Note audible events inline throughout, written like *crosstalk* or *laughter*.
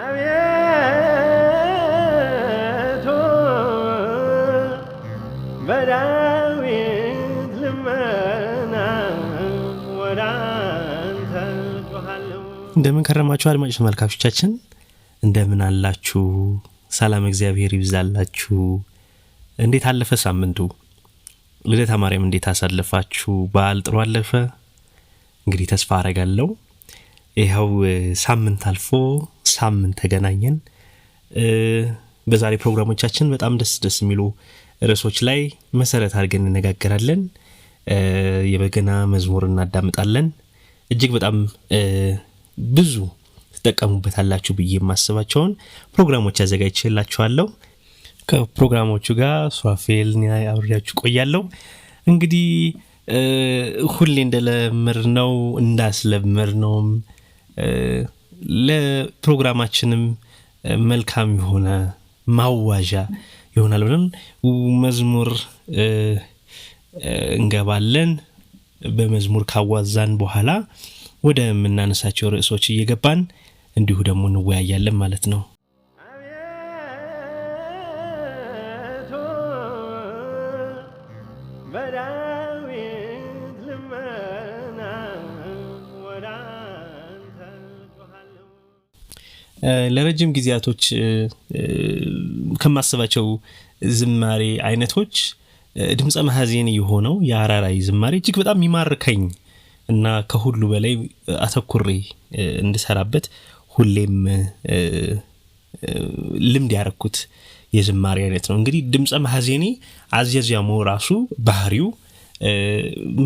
አቤቱ በዳዊት ልመና ወደ አንተ እንደምን ከረማችሁ አድማጭ ተመልካቾቻችን፣ እንደምን አላችሁ? ሰላም እግዚአብሔር ይብዛላችሁ። እንዴት አለፈ ሳምንቱ? ልደታ ማርያም እንዴት አሳለፋችሁ? በዓል ጥሩ አለፈ? እንግዲህ ተስፋ አረጋለሁ። ይኸው ሳምንት አልፎ ሳምንት ተገናኘን። በዛሬ ፕሮግራሞቻችን በጣም ደስ ደስ የሚሉ ርዕሶች ላይ መሰረት አድርገን እንነጋገራለን። የበገና መዝሙር እናዳምጣለን። እጅግ በጣም ብዙ ትጠቀሙበታላችሁ ብዬ የማስባቸውን ፕሮግራሞች አዘጋጅቼላችኋለሁ። ከፕሮግራሞቹ ጋር ሷፌል አብሬያችሁ ቆያለሁ። እንግዲህ ሁሌ እንደለምር ነው እንዳስለምር ነውም ለፕሮግራማችንም መልካም የሆነ ማዋዣ ይሆናል ብለን መዝሙር እንገባለን። በመዝሙር ካዋዛን በኋላ ወደ የምናነሳቸው ርዕሶች እየገባን እንዲሁ ደግሞ እንወያያለን ማለት ነው። ልመና ለረጅም ጊዜያቶች ከማስባቸው ዝማሬ አይነቶች ድምፀ መሐዜን የሆነው የአራራይ ዝማሬ እጅግ በጣም ይማርከኝ እና ከሁሉ በላይ አተኩሬ እንድሰራበት ሁሌም ልምድ ያረኩት የዝማሬ አይነት ነው። እንግዲህ ድምፀ መሐዜኔ አዘዚያሙ ራሱ ባህሪው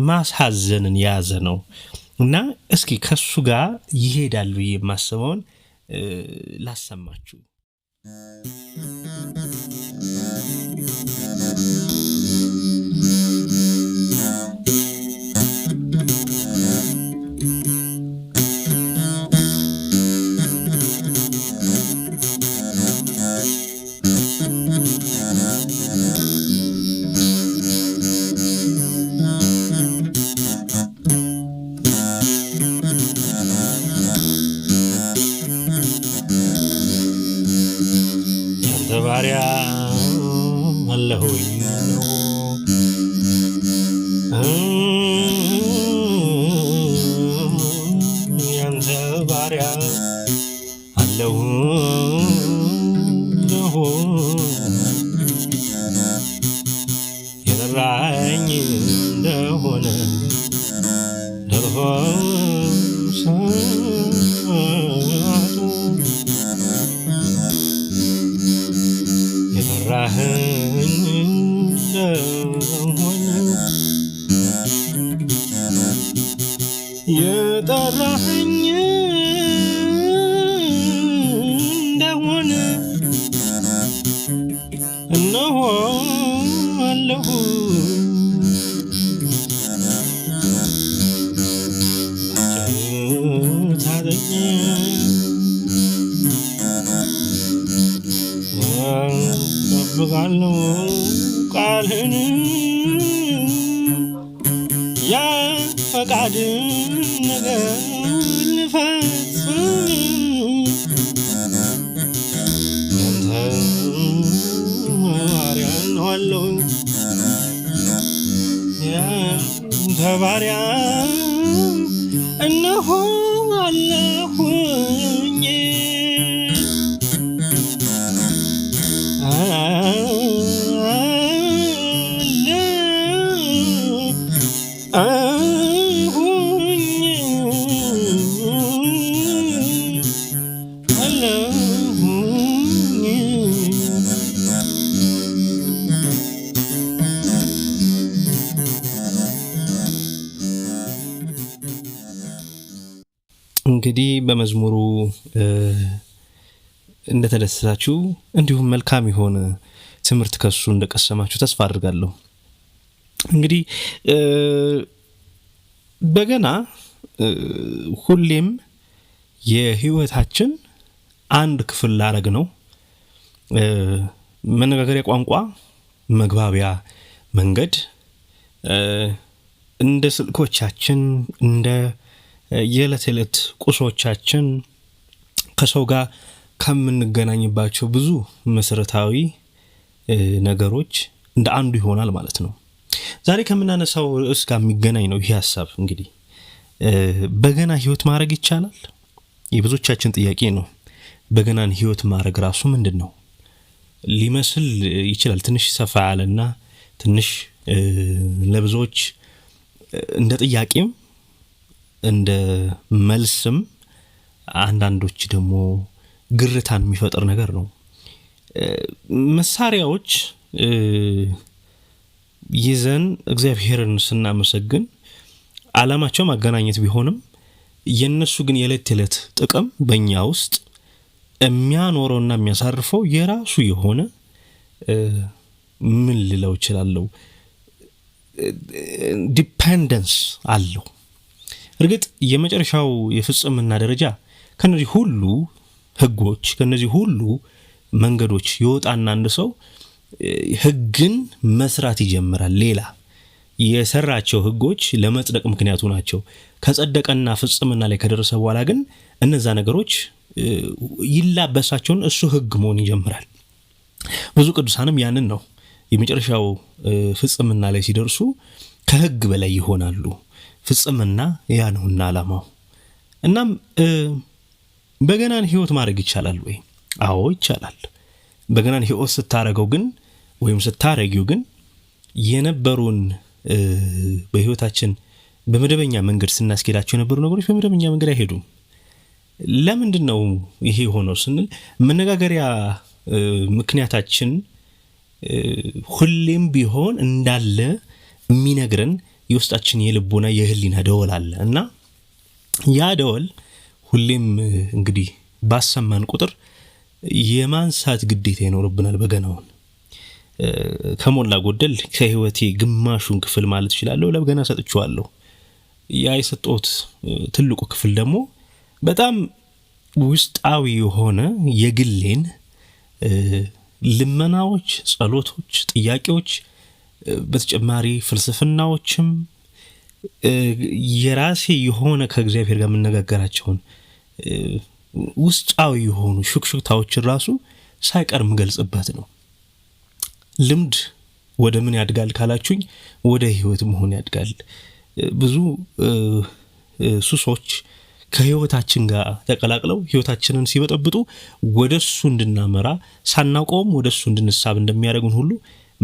ማሳዘንን የያዘ ነው እና እስኪ ከሱ ጋር ይሄዳል ብዬ የማስበውን ላሰማችሁ። እንደሆነ ደርሷል ሰዓቱ የጠራኸኝ እንደሆነ የጠራኸኝ እንደሆነ እነሆ አለሁ እጠብቃለሁ ቃልህን የፈቃድን ነገር ልፈጽም ያንተ ባሪያ ባሪያ እንግዲህ በመዝሙሩ እንደተደሰታችሁ እንዲሁም መልካም የሆነ ትምህርት ከሱ እንደቀሰማችሁ ተስፋ አድርጋለሁ። እንግዲህ በገና ሁሌም የህይወታችን አንድ ክፍል ላረግ ነው። መነጋገሪያ ቋንቋ፣ መግባቢያ መንገድ እንደ ስልኮቻችን እንደ የዕለት ዕለት ቁሶቻችን ከሰው ጋር ከምንገናኝባቸው ብዙ መሰረታዊ ነገሮች እንደ አንዱ ይሆናል ማለት ነው። ዛሬ ከምናነሳው ርዕስ ጋር የሚገናኝ ነው ይህ ሀሳብ። እንግዲህ በገና ህይወት ማድረግ ይቻላል? የብዙዎቻችን ጥያቄ ነው። በገናን ህይወት ማድረግ ራሱ ምንድን ነው ሊመስል ይችላል። ትንሽ ሰፋ ያለና ትንሽ ለብዙዎች እንደ ጥያቄም እንደ መልስም አንዳንዶች ደግሞ ግርታን የሚፈጥር ነገር ነው። መሳሪያዎች ይዘን እግዚአብሔርን ስናመሰግን ዓላማቸው ማገናኘት ቢሆንም የእነሱ ግን የዕለት ተዕለት ጥቅም በእኛ ውስጥ የሚያኖረውና የሚያሳርፈው የራሱ የሆነ ምን ልለው እችላለሁ ዲፐንደንስ አለው። እርግጥ የመጨረሻው የፍጽምና ደረጃ ከነዚህ ሁሉ ህጎች ከነዚህ ሁሉ መንገዶች ይወጣና አንድ ሰው ህግን መስራት ይጀምራል። ሌላ የሰራቸው ህጎች ለመጽደቅ ምክንያቱ ናቸው። ከጸደቀና ፍጽምና ላይ ከደረሰ በኋላ ግን እነዛ ነገሮች ይላበሳቸውን እሱ ህግ መሆን ይጀምራል። ብዙ ቅዱሳንም ያንን ነው የመጨረሻው ፍጽምና ላይ ሲደርሱ ከህግ በላይ ይሆናሉ። ፍጽምና ያ ነውና አላማው። እናም በገናን ህይወት ማድረግ ይቻላል ወይ? አዎ ይቻላል። በገናን ህይወት ስታረገው ግን ወይም ስታረጊው ግን የነበሩን በህይወታችን በመደበኛ መንገድ ስናስኬዳቸው የነበሩ ነገሮች በመደበኛ መንገድ አይሄዱም። ለምንድን ነው ይሄ የሆነው ስንል መነጋገሪያ ምክንያታችን ሁሌም ቢሆን እንዳለ የሚነግረን የውስጣችን የልቦና የህሊና ደወል አለ እና ያ ደወል ሁሌም እንግዲህ ባሰማን ቁጥር የማንሳት ግዴታ ይኖርብናል። በገናውን ከሞላ ጎደል ከህይወቴ ግማሹን ክፍል ማለት እችላለሁ ለበገና ሰጥችዋለሁ ያ የሰጠት ትልቁ ክፍል ደግሞ በጣም ውስጣዊ የሆነ የግሌን ልመናዎች፣ ጸሎቶች፣ ጥያቄዎች በተጨማሪ ፍልስፍናዎችም የራሴ የሆነ ከእግዚአብሔር ጋር የምነጋገራቸውን ውስጫዊ የሆኑ ሹክሹክታዎችን ራሱ ሳይቀር ምገልጽበት ነው። ልምድ ወደ ምን ያድጋል ካላችሁኝ፣ ወደ ህይወት መሆን ያድጋል። ብዙ ሱሶች ከህይወታችን ጋር ተቀላቅለው ህይወታችንን ሲበጠብጡ ወደ እሱ እንድናመራ ሳናውቀውም ወደ እሱ እንድንሳብ እንደሚያደርጉን ሁሉ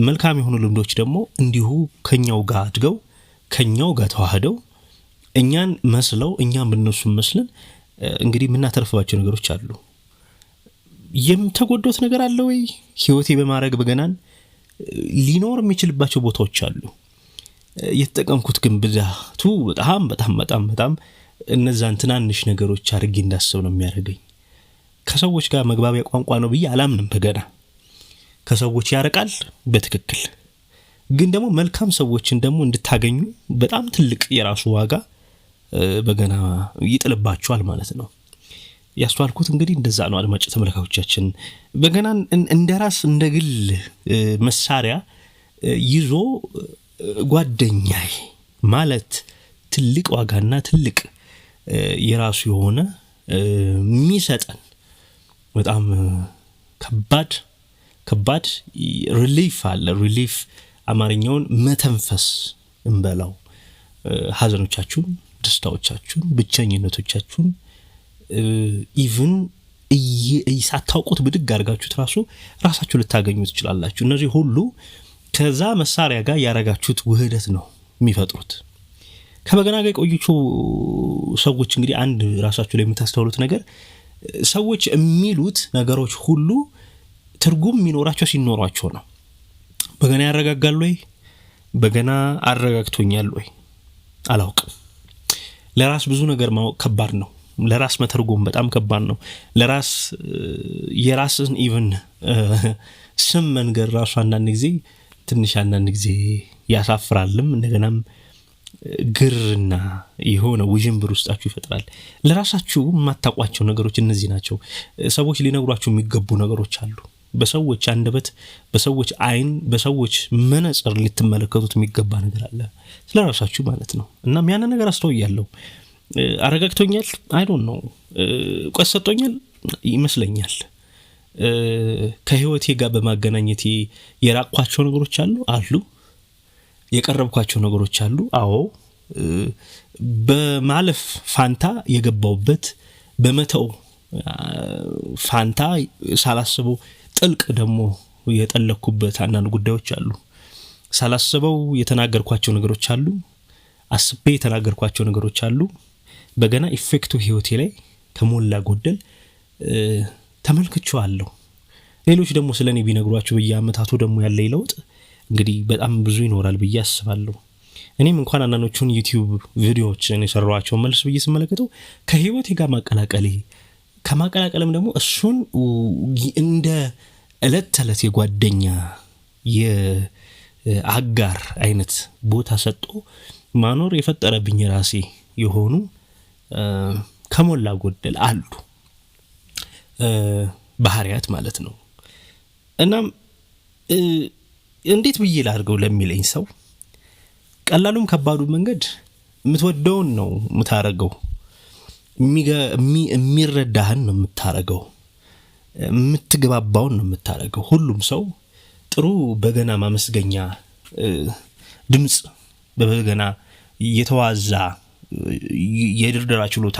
መልካም የሆኑ ልምዶች ደግሞ እንዲሁ ከኛው ጋር አድገው ከኛው ጋር ተዋህደው እኛን መስለው እኛም እነሱን መስለን እንግዲህ የምናተርፍባቸው ነገሮች አሉ። የምተጎዶት ነገር አለ ወይ? ህይወቴ በማድረግ በገናን ሊኖር የሚችልባቸው ቦታዎች አሉ። የተጠቀምኩት ግን ብዛቱ በጣም በጣም በጣም በጣም እነዛን ትናንሽ ነገሮች አድርጌ እንዳስብ ነው የሚያደርገኝ። ከሰዎች ጋር መግባቢያ ቋንቋ ነው ብዬ አላምንም በገና ከሰዎች ያርቃል። በትክክል ግን ደግሞ መልካም ሰዎችን ደግሞ እንድታገኙ በጣም ትልቅ የራሱ ዋጋ በገና ይጥልባቸዋል ማለት ነው። ያስተዋልኩት እንግዲህ እንደዛ ነው። አድማጭ ተመልካቾቻችን በገና እንደ ራስ እንደ ግል መሳሪያ ይዞ ጓደኛይ ማለት ትልቅ ዋጋና ትልቅ የራሱ የሆነ የሚሰጠን በጣም ከባድ ከባድ ሪሊፍ አለ። ሪሊፍ አማርኛውን መተንፈስ እንበላው። ሀዘኖቻችሁን፣ ደስታዎቻችሁን፣ ብቸኝነቶቻችሁን ኢቭን ሳታውቁት ብድግ አድርጋችሁት ራሱ ራሳችሁ ልታገኙ ትችላላችሁ። እነዚህ ሁሉ ከዛ መሳሪያ ጋር ያረጋችሁት ውህደት ነው የሚፈጥሩት። ከበገና ጋር ሰዎች እንግዲህ አንድ ራሳችሁ ላይ የምታስተውሉት ነገር ሰዎች የሚሉት ነገሮች ሁሉ ትርጉም የሚኖራቸው ሲኖሯቸው ነው። በገና ያረጋጋል ወይ? በገና አረጋግቶኛል ወይ? አላውቅም። ለራስ ብዙ ነገር ማወቅ ከባድ ነው። ለራስ መተርጎም በጣም ከባድ ነው። ለራስ የራስን ኢቭን *laughs* ስም መንገድ ራሱ አንዳንድ ጊዜ ትንሽ አንዳንድ ጊዜ ያሳፍራልም እንደገናም ግርና የሆነ ውዥንብር ውስጣችሁ ይፈጥራል። ለራሳችሁ የማታውቋቸው ነገሮች እነዚህ ናቸው። ሰዎች ሊነግሯችሁ የሚገቡ ነገሮች አሉ። በሰዎች አንደበት፣ በሰዎች አይን፣ በሰዎች መነጽር ልትመለከቱት የሚገባ ነገር አለ፣ ስለ ራሳችሁ ማለት ነው። እናም ያንን ነገር አስተውያለሁ። አረጋግቶኛል። አይዶን ነው እውቀት ሰጥቶኛል ይመስለኛል። ከህይወቴ ጋር በማገናኘቴ የራቅኳቸው ነገሮች አሉ አሉ የቀረብኳቸው ነገሮች አሉ። አዎ በማለፍ ፋንታ የገባውበት በመተው ፋንታ ሳላስበው ጥልቅ ደግሞ የጠለኩበት አንዳንድ ጉዳዮች አሉ። ሳላስበው የተናገርኳቸው ነገሮች አሉ። አስቤ የተናገርኳቸው ነገሮች አሉ። በገና ኢፌክቱ ህይወቴ ላይ ከሞላ ጎደል ተመልክቼዋለሁ። ሌሎች ደግሞ ስለ እኔ ቢነግሯቸው በየአመታቱ ደግሞ ያለኝ ለውጥ እንግዲህ በጣም ብዙ ይኖራል ብዬ አስባለሁ። እኔም እንኳን አንዳንዶቹን ዩቲዩብ ቪዲዮዎች የሰሯቸውን መልስ ብዬ ስመለከተው ከህይወቴ ጋር ማቀላቀሌ ከማቀላቀልም ደግሞ እሱን እንደ እለት ተዕለት የጓደኛ የአጋር አይነት ቦታ ሰጥቶ ማኖር የፈጠረብኝ ራሴ የሆኑ ከሞላ ጎደል አሉ ባህርያት ማለት ነው። እናም እንዴት ብዬ ላድርገው ለሚለኝ ሰው ቀላሉም ከባዱ መንገድ የምትወደውን ነው የምታረገው፣ የሚረዳህን ነው የምታረገው። የምትግባባውን ነው የምታደርገው። ሁሉም ሰው ጥሩ በገና ማመስገኛ ድምፅ በበገና የተዋዛ የድርደራ ችሎታ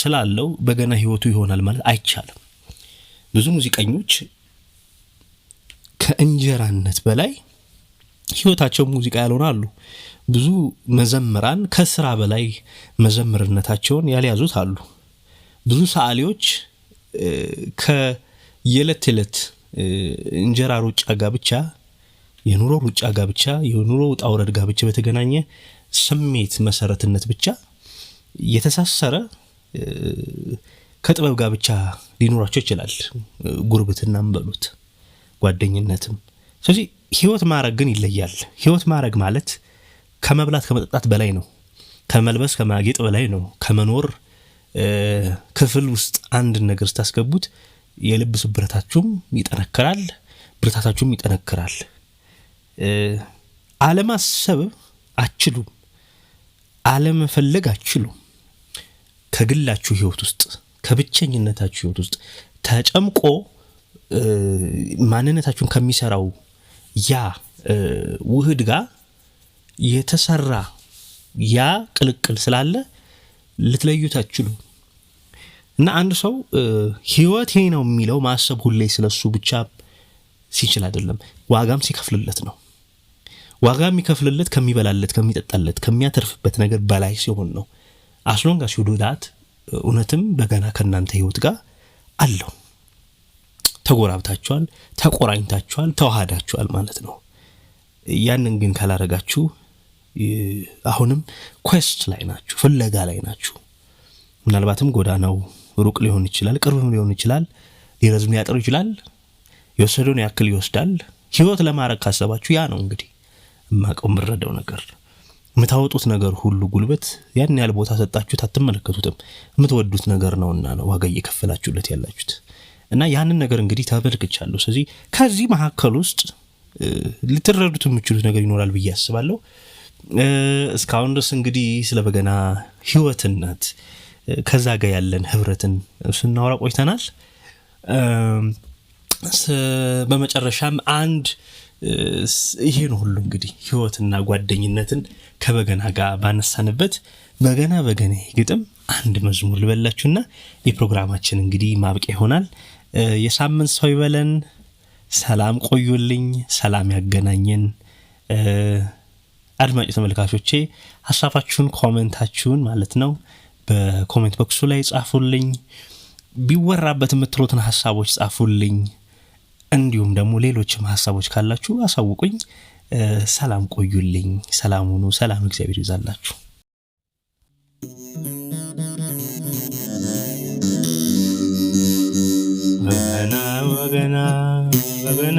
ስላለው በገና ህይወቱ ይሆናል ማለት አይቻልም። ብዙ ሙዚቀኞች ከእንጀራነት በላይ ህይወታቸው ሙዚቃ ያልሆነ አሉ። ብዙ መዘምራን ከስራ በላይ መዘምርነታቸውን ያልያዙት አሉ። ብዙ ሰአሌዎች ከየዕለት ዕለት እንጀራ ሩጫ ጋብቻ ብቻ የኑሮ ሩጫ ጋብቻ ብቻ የኑሮ ውጣ ውረድ ብቻ በተገናኘ ስሜት መሰረትነት ብቻ የተሳሰረ ከጥበብ ጋብቻ ብቻ ሊኖራቸው ይችላል። ጉርብትናም በሉት ጓደኝነትም። ስለዚህ ህይወት ማድረግ ግን ይለያል። ህይወት ማድረግ ማለት ከመብላት ከመጠጣት በላይ ነው። ከመልበስ ከማጌጥ በላይ ነው። ከመኖር ክፍል ውስጥ አንድን ነገር ስታስገቡት የልብስ ብረታችሁም ይጠነክራል፣ ብርታታችሁም ይጠነክራል። አለማሰብ አችሉም፣ አለመፈለግ አችሉም። ከግላችሁ ህይወት ውስጥ ከብቸኝነታችሁ ህይወት ውስጥ ተጨምቆ ማንነታችሁን ከሚሰራው ያ ውህድ ጋር የተሰራ ያ ቅልቅል ስላለ ልትለዩት አችሉ እና አንድ ሰው ህይወቴ ነው የሚለው ማሰብ ሁሌ ስለሱ ብቻ ሲችል አይደለም፣ ዋጋም ሲከፍልለት ነው። ዋጋ የሚከፍልለት ከሚበላለት፣ ከሚጠጣለት፣ ከሚያተርፍበት ነገር በላይ ሲሆን ነው። አስሎንጋ ሲውዱዳት እውነትም በገና ከእናንተ ህይወት ጋር አለው። ተጎራብታችኋል፣ ተቆራኝታችኋል፣ ተዋሃዳችኋል ማለት ነው። ያንን ግን ካላረጋችሁ አሁንም ኮስት ላይ ናችሁ፣ ፍለጋ ላይ ናችሁ። ምናልባትም ጎዳናው ሩቅ ሊሆን ይችላል፣ ቅርብም ሊሆን ይችላል፣ ሊረዝም ሊያጥር ይችላል። የወሰደውን ያክል ይወስዳል። ህይወት ለማድረግ ካሰባችሁ ያ ነው እንግዲህ የማውቀው የምረዳው ነገር። የምታወጡት ነገር ሁሉ ጉልበት ያን ያህል ቦታ ሰጣችሁት አትመለከቱትም። የምትወዱት ነገር ነውና ነው ዋጋ እየከፈላችሁለት ያላችሁት እና ያንን ነገር እንግዲህ ተመልክቻለሁ። ስለዚህ ከዚህ መካከል ውስጥ ልትረዱት የምችሉት ነገር ይኖራል ብዬ አስባለሁ። እስካሁን ድረስ እንግዲህ ስለ በገና ህይወትነት ከዛ ጋር ያለን ህብረትን ስናወራ ቆይተናል። በመጨረሻም አንድ ይሄን ሁሉ እንግዲህ ህይወትና ጓደኝነትን ከበገና ጋር ባነሳንበት በገና በገና ግጥም አንድ መዝሙር ልበላችሁና የፕሮግራማችን እንግዲህ ማብቂያ ይሆናል። የሳምንት ሰው ይበለን። ሰላም ቆዩልኝ። ሰላም ያገናኘን። አድማጭ ተመልካቾቼ ሀሳባችሁን ኮመንታችሁን ማለት ነው በኮሜንት ቦክሱ ላይ ጻፉልኝ። ቢወራበት የምትሉትን ሀሳቦች ጻፉልኝ። እንዲሁም ደግሞ ሌሎችም ሀሳቦች ካላችሁ አሳውቁኝ። ሰላም ቆዩልኝ። ሰላም ሁኑ። ሰላም እግዚአብሔር ይዛላችሁ። በገና በገና